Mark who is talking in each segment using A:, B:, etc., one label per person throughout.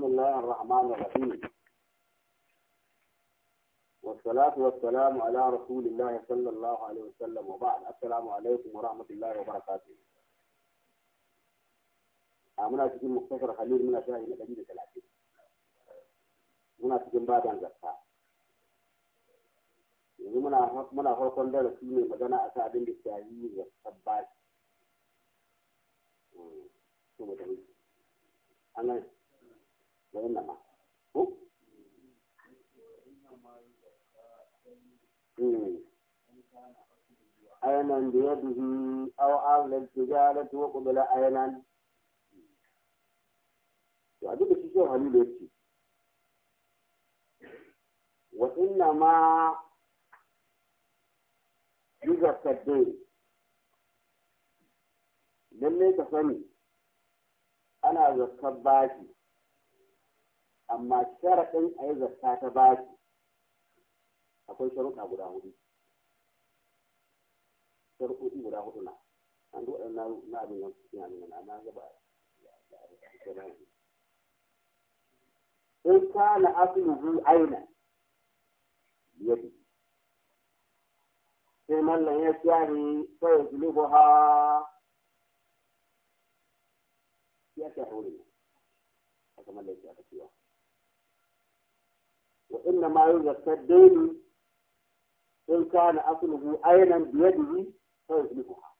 A: بسم الله الرحمن الرحيم والصلاة والسلام على رسول الله صلى الله عليه وسلم وبعد السلام عليكم ورحمة الله وبركاته أمنا تكون مختصر خليل من أشياء إلى دقيقة ثلاثين muna cikin baban zakka yanzu muna muna farkon darasi ne magana a kan abin da shahi zakkar bashi to mu tafi an gani wa'annan ma hmm. ainihin da ya duhi awa'ar da ta ja da tuwa kudula ainihin to a duka cikin hannu da yake wa'inna ma jizar kadde ka sani ana zakar baki amma sharaɗin a yi zakka ta baki akwai sharuɗa guda hudu sharuɗi guda hudu na an duk na na abin yan suna nuna amma ga ba in kana asluhu aina yadi sai mallan ya tsari sai ya zulubu ha ya ta hore ne a kamar da ya ta ciwa وإنما يزكى الدين إن كان أصله عينا بيده فيهلكها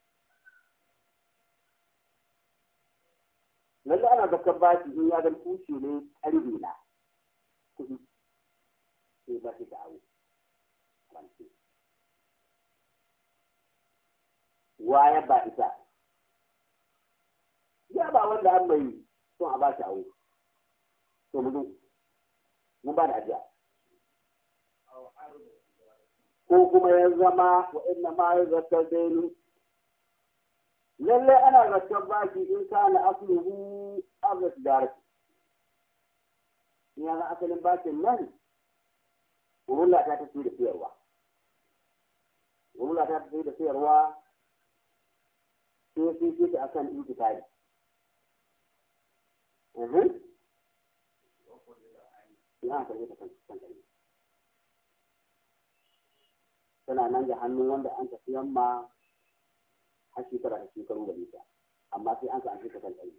A: lalle ana zakar baki in ya zan kushe ne ƙarfe na kuɗi ba shi waya ba ita ya ba wanda an mai son a ba shi awo to mu mun ba da ajiya ko kuma ya zama wa inna ma ya zakar dainu lallai ana zakar baki in ka kana asluhu abas daraki in yana asalin bakin nan rulla ta tafi da siyarwa rulla ta tafi da siyarwa sai sai sai ta akan intifari Mhm. Ya, ta yi ta kan kan tana nan da hannun wanda an ka siyan ma har shekara da shekaru da nisa amma sai an ka an shekara kan ɗari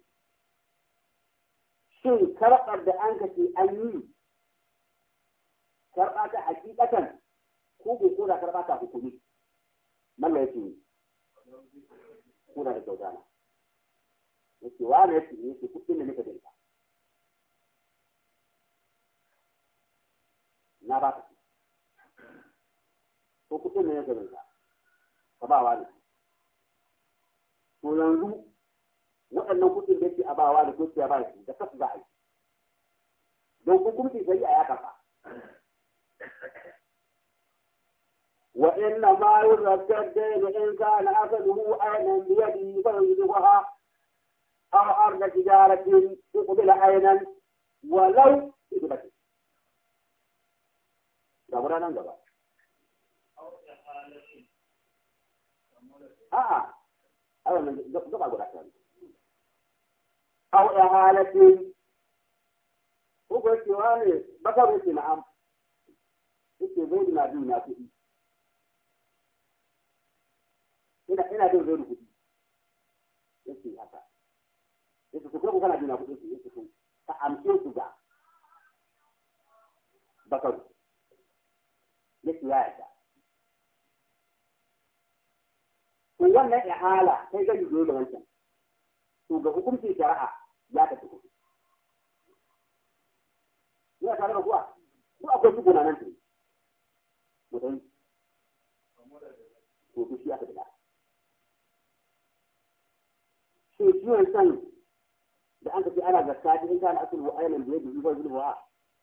A: shin karɓar da an ka ce an yi karɓa ta hakikatan ko bai ko da karɓa ta hukumi malla yake ne ko da kyauta na ce wa ne ya yake kuɗin da nika da ita na ba ka ta ko kuɗin ne ya gabata ka ba wani to yanzu waɗannan kuɗin da ke a ba wani ko ya ba shi da kasu za a yi don hukuncin shari'a ya kafa وإنما يرد الدين إن كان أخذه عينا بيده فينزغها أو أرض تجارة تقبل عينا ولو إجبته. a'a a wannan gaba guda kan aw ihalatin ko ko cewa ne bakaru na na'am yake zai na biyu na kuɗi ina ina bin zai kuɗi yake haka yake ku kuma kana biyu na kuɗi yake ku ka amshe su ga bakaru yake ya yarda Wannan wannan ihala sai zai yi da wancan to ga hukuncin shari'a ya tafi kuɗi ya ta da kuwa ko akwai su gona nan tare mutum to ku shi aka da shi ciwon san da an tafi ana zakka ta in kana asulu aynan da yake zuwa zuwa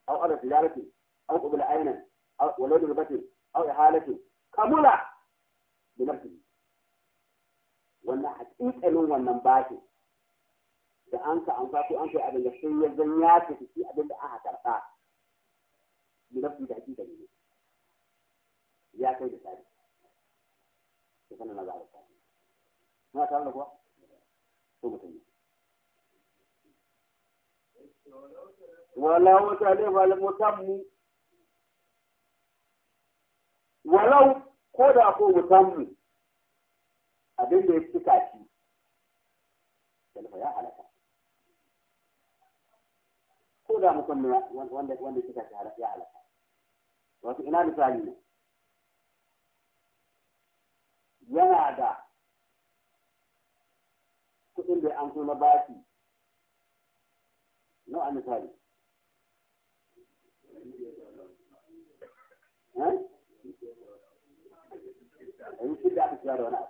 A: au ala tijarati au qabla aynan au walad ribatin au ihalati kamula bi nafsihi wannan hakikalin wannan bashi da an ka an fato an kai abin da sai ya zan ya tafi shi abin da aka karɓa mu rafi da hakika ne ya kai da tsari to kana na zaɓa tsari na tare da kuwa Ko mutum Wala walau mutane ba mutammu walau ko da ko mutammu abin da ya cika shi dalfa ya halaka ko da mutum ne wanda wanda cika shi ya halaka wato ina misali ne yana da kuɗin da an so na baki nawa misali eh? a yi shida aka da wani abu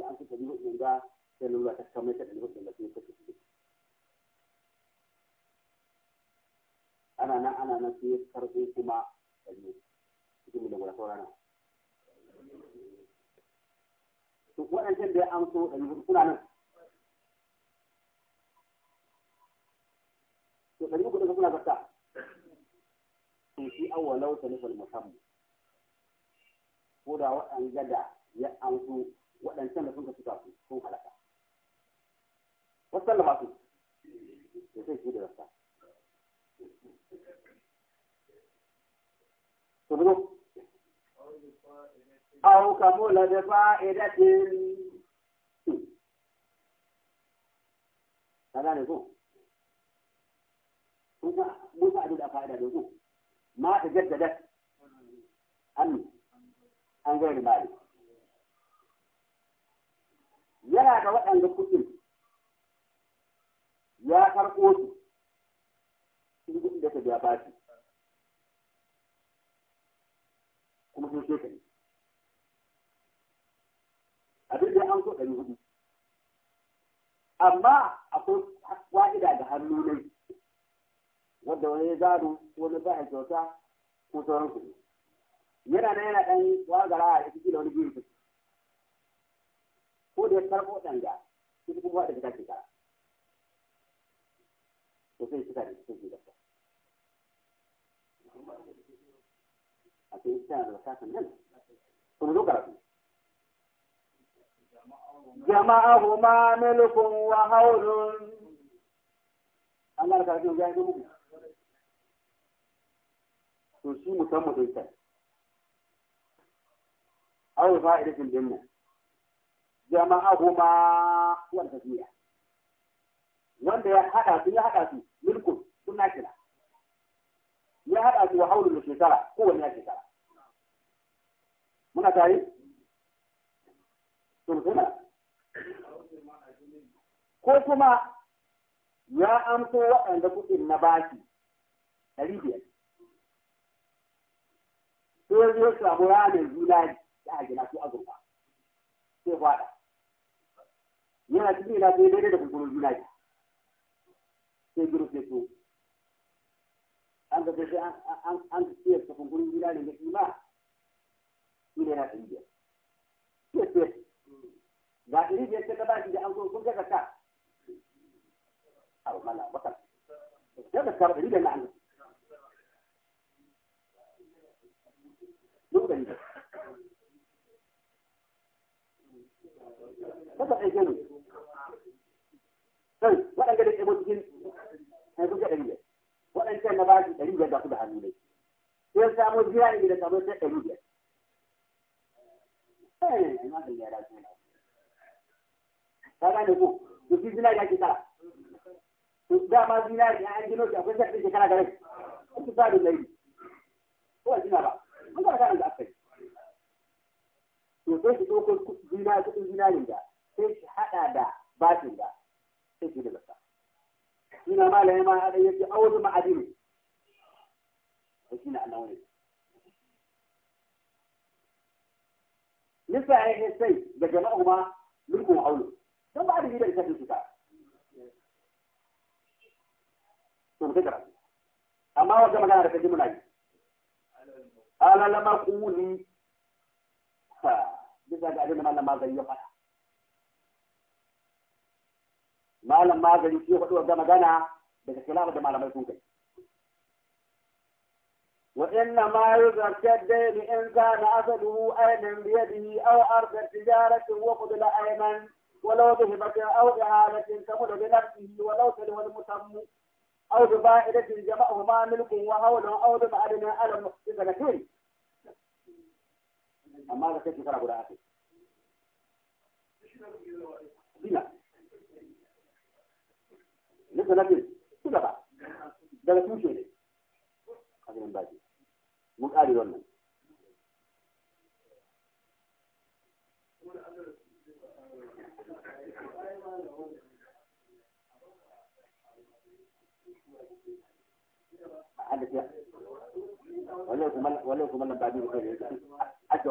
A: sai an kashe dubu ɗin ga sai ta ta ana nan ana nan sai kuma ɗari cikin da gwada saurana to waɗancan da ya amso ɗari hudu suna nan to ɗari hudu ɗin suna zakka to shi awwalau ta nufin musamman ko da waɗanda da ya amso waɗancan da sun ka suka su sun halaka wasu sallama su da sai su da rasta to zo aw kamula da fa'idatin kaga ne ko mun sa da fa'ida da ku? ma ta jaddada an an gairi mali da waɗanda kuɗin ya karɓo su sun kuɗin da ka biya kuma sun shekari abin da an so ɗari hudu amma akwai wa'ida da hannu wanda wani gado kyauta ko sauran kuɗi yana nan yana ɗan wagara a cikin da wani biyu ko da ya karɓo waɗanda su kuma waɗanda ta shekara to sai suka da suke da ta a cikin tana da wasakan nan kuma zo karatu jama'ahuma milkun wa haulun an gara karatu ya yi muku to shi musamman sai ta aure fa'idatin mu. jama'ahuma wal tasmiya wanda ya hada su ya hada su mulkun sunna kila ya hada su wa haulul shekara ko wani shekara muna tare to kuma ko kuma ya amso waɗanda kuɗin na baki ɗari biyar sai ya samu ranar zinari da a gina su azurfa sai faɗa yana cikin ina sai daidai da juna sai an ga sai an an ta kunkurin juna ne shi shi ne na tsindiya ga iri ta sai shi da an kun ga ka ta a mala wata da ka karɓi da biya ne da kamar ta ɗari biyar. Ta eh, gane ko, to shi zinari ake kara. Dama zinari an gino shi akwai sai shekara gare. Wasu sa da ɗari. Ko a zina ba, an kara karin da aka yi. To sai su ɗauko zinari kuɗin da sai su haɗa da batin da sai shi da ma da yamma haɗa yake a wasu ma'adini. Shi na annawa ne. nisa ya yi sai da na ma mulkin aure don ba da gidan kafin suka to mutum karatu amma wajen magana da kaji muna yi alalama kuli bisa ga abin malam magani ya faɗa malam magani shi ya faɗi wata magana daga kilama da malamai sun kai وإنما يذكر كالدين إن كان أصله أين بيده أو أرض تجارة وقبل أيمن ولو بهبة أو إعانة تمر بنفسه ولو سلم المتم أو بفائدة جمعهما ملك وهول أو بمعلم على محسن كثير أما لا كيف يفرق رأسي لا لسه نجل كل بعض ده لا توجد هذا من بعدين kare kuma nan babi da kare ake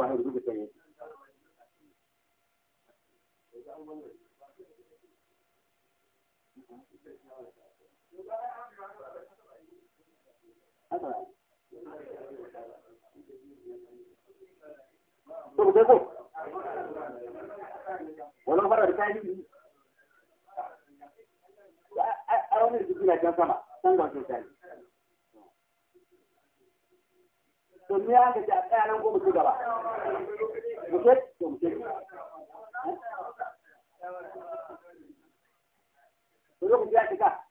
A: ko ba ko wannan fara da tarihi a wani da na can sama san ga sun to ni ya ga ta tsayanan ko mutu gaba mutu to mutu to lokaci ya shiga